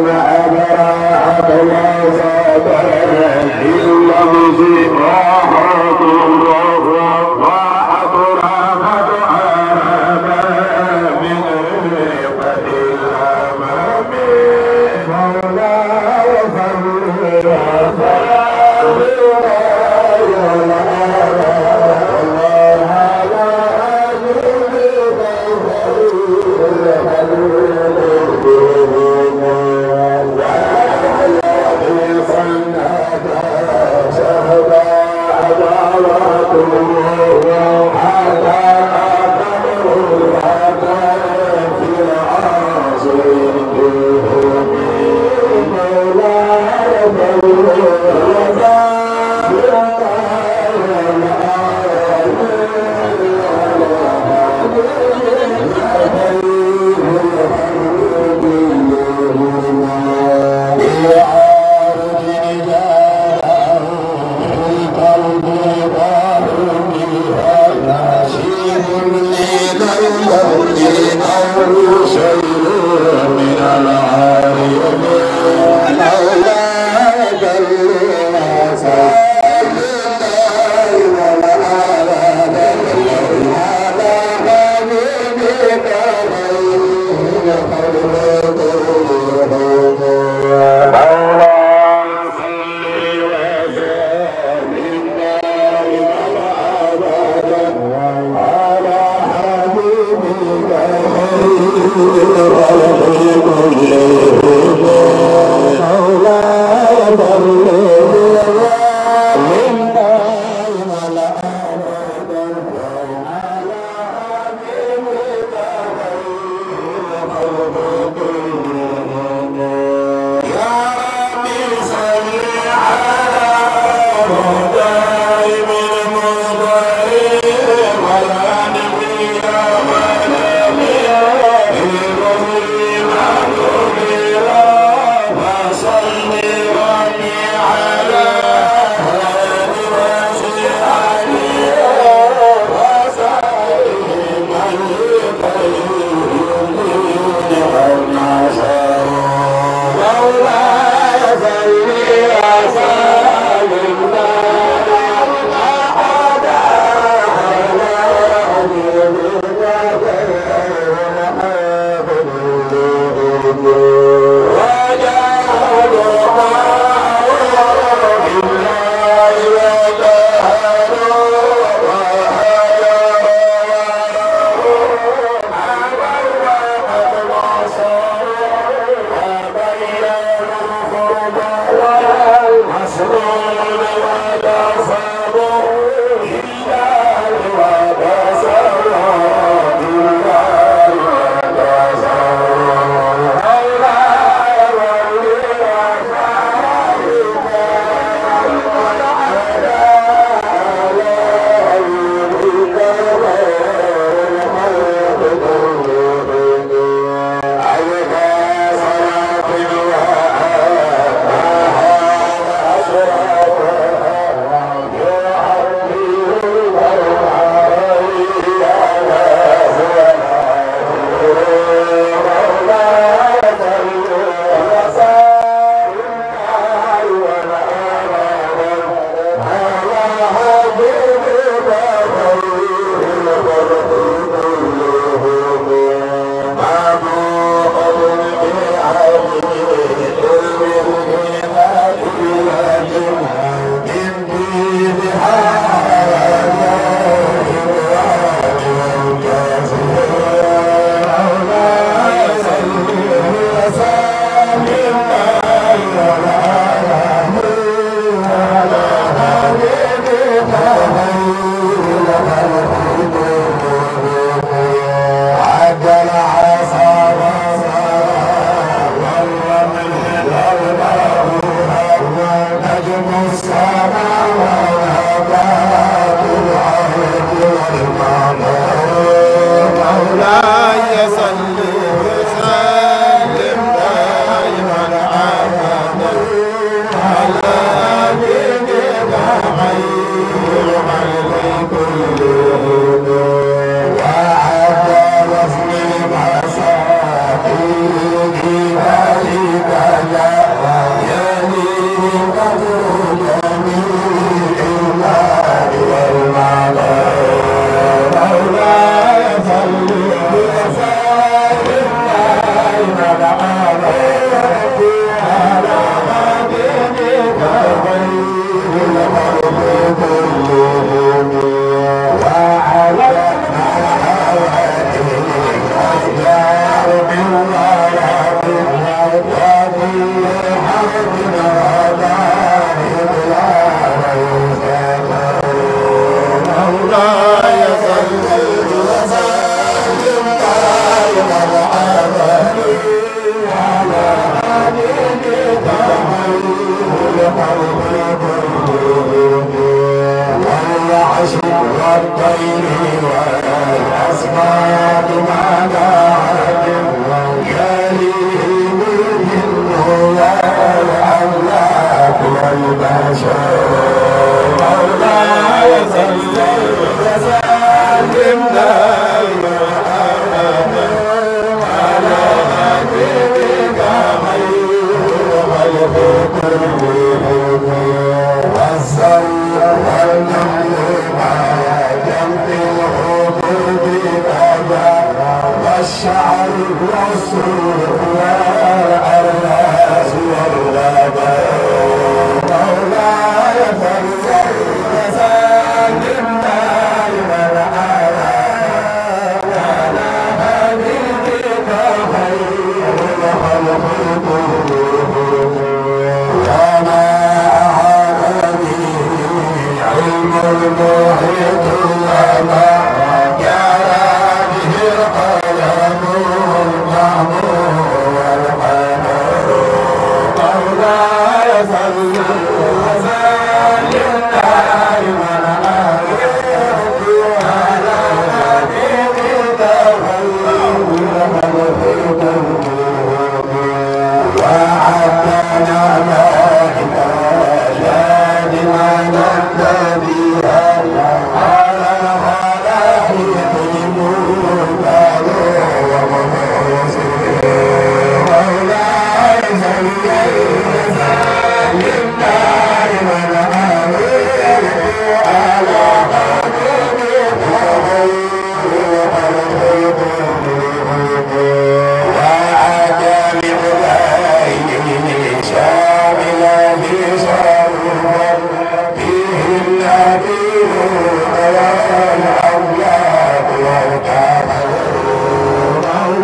ومع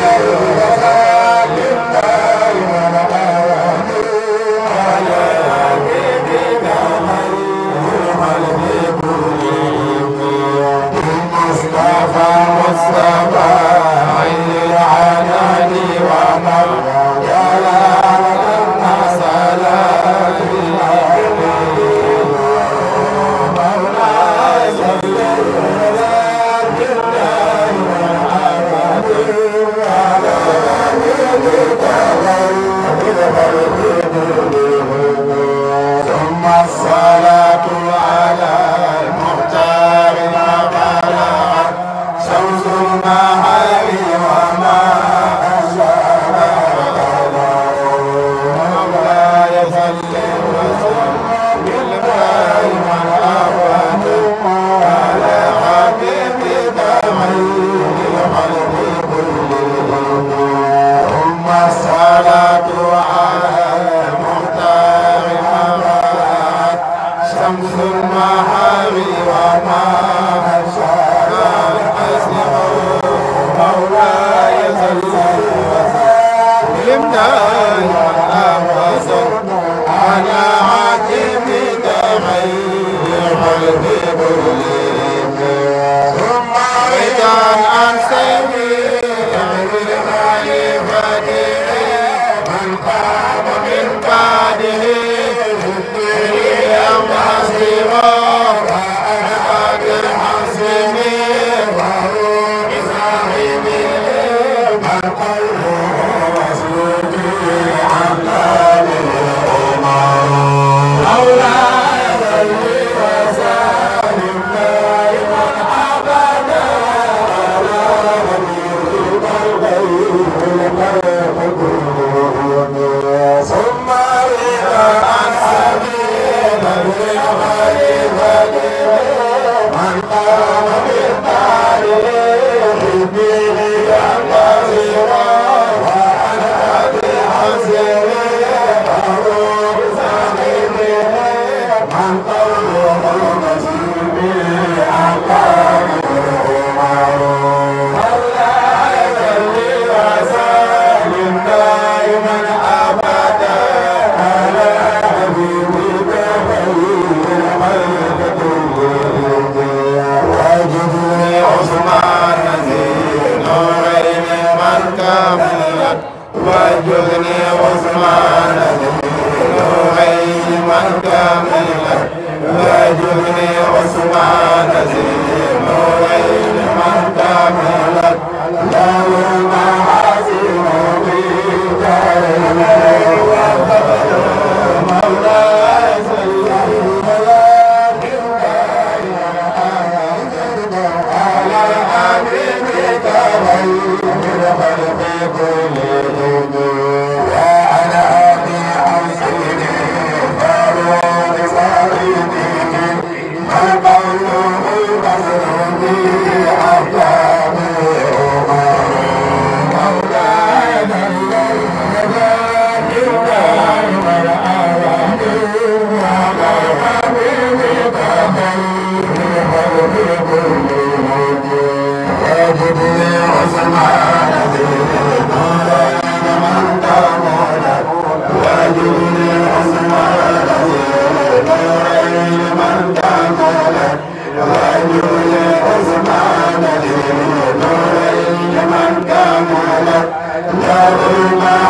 Thank you. عثمان ذي نورين من كملت وجدني عثمان ذي نورين من كملت وجدني عثمان ذي يوم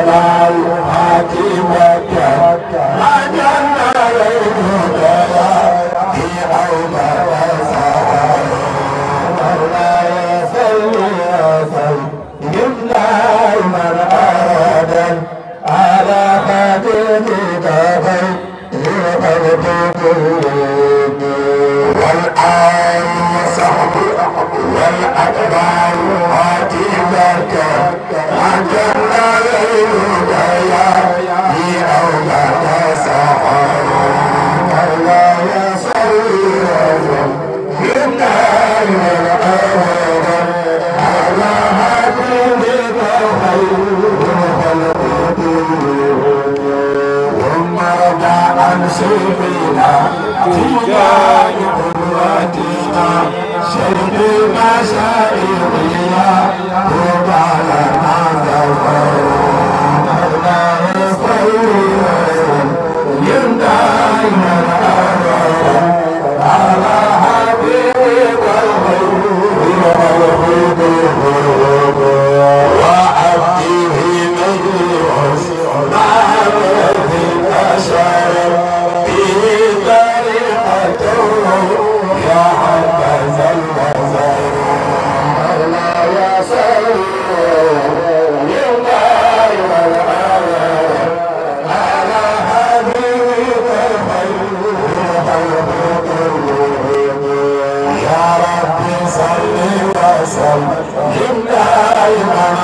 الحكيم Bismillah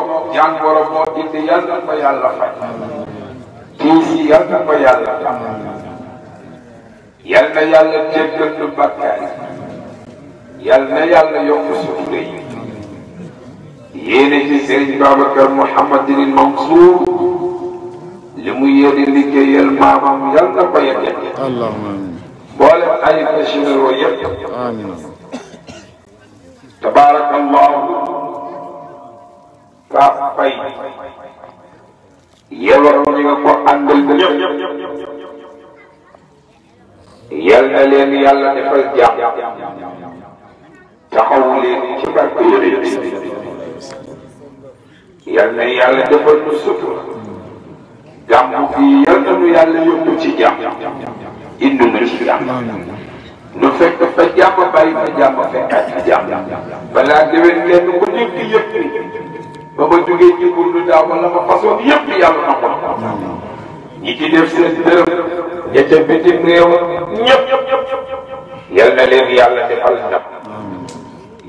toog jaan borom moo indi yal na ko yàlla faj tiis yi yal na ko yàlla faj yal na yàlla jéggal lu bakkaar yal na yàlla yokk sutura yi yéene ci sëriñ Babacar Mouhamadinil Mansour li mu yéene liggéeyal maamam yal na ko yeggal boole ay généraux yëpp tabaarakallahu Paa Faye yelloon ñi nga ko àndal ñëpp yal na leen yàlla defal jàmm taxawu leen ci barke yonent yal na yàlla defal ñu sutura gàmm fii yal nañu yàlla yóbbu ci jàmm indi ñu ci jàmm nu fekk fa jàmm bàyyi fa jàmm fekkaat ci jàmm balaa déwén leen ba ba jógee ci burdu daaw ba la fa façon yëpp yàlla na ko ñi ci def seen dërëm ña ca bitim réew ñëpp yal na leen yàlla defal ndam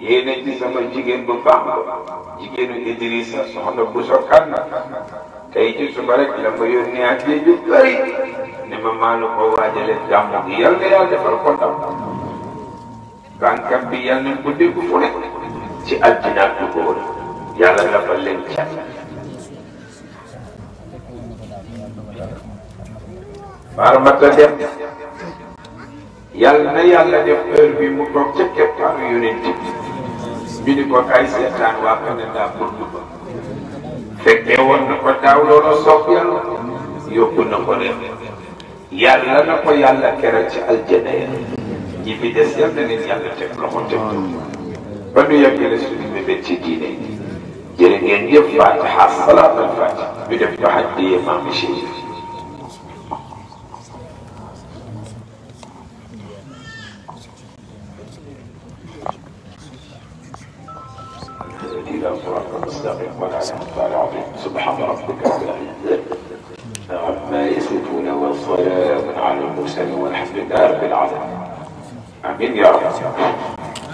yéena ci sama jigéen bu baax jigéenu Idrissa soxna bu sokkan tey ci suba rek la ma yónnee ak yéen yu bëri ne ma maa la ko waajalee jàmm gi yal na yàlla defal ko ndam bànkam bi yal nañ ko dégg fu ne ci aljinaat du ko wër yàlla defal leen cat baal ma ta yàlla na yàlla def heure bi mu toog ca keppaanu yonent bi ni ko kay seetaan waa Canada pour ñu ba fekkee woon na ko daaw loolu soob yàlla yóbbu na ko dem yàlla na ko yàlla keral ci aljana ya ñi fi des yàlla na leen yàlla teg loxo teg ba ñu yeggale suñu ci diine jërë ngeen yëpp fatiha salaatul fatiha ñu def ko xaj di maam Chérif سبحان ربك رب العزة عما يصفون والسلام على المرسلين والحمد لله رب العالمين آمين يا رب